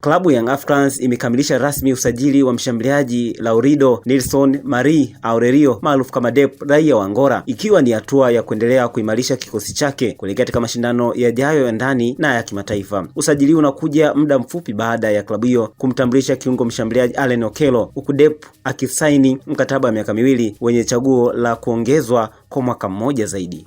Klabu Young Africans imekamilisha rasmi usajili wa mshambuliaji Laurido Nilson Marie Aurelio maarufu kama Dep, raia wa Angola, ikiwa ni hatua ya kuendelea kuimarisha kikosi chake kuelekea katika mashindano yajayo ya ndani na ya kimataifa. Usajili unakuja muda mfupi baada ya klabu hiyo kumtambulisha kiungo mshambuliaji Allen Okello, huku Dep akisaini mkataba wa miaka miwili wenye chaguo la kuongezwa kwa mwaka mmoja zaidi.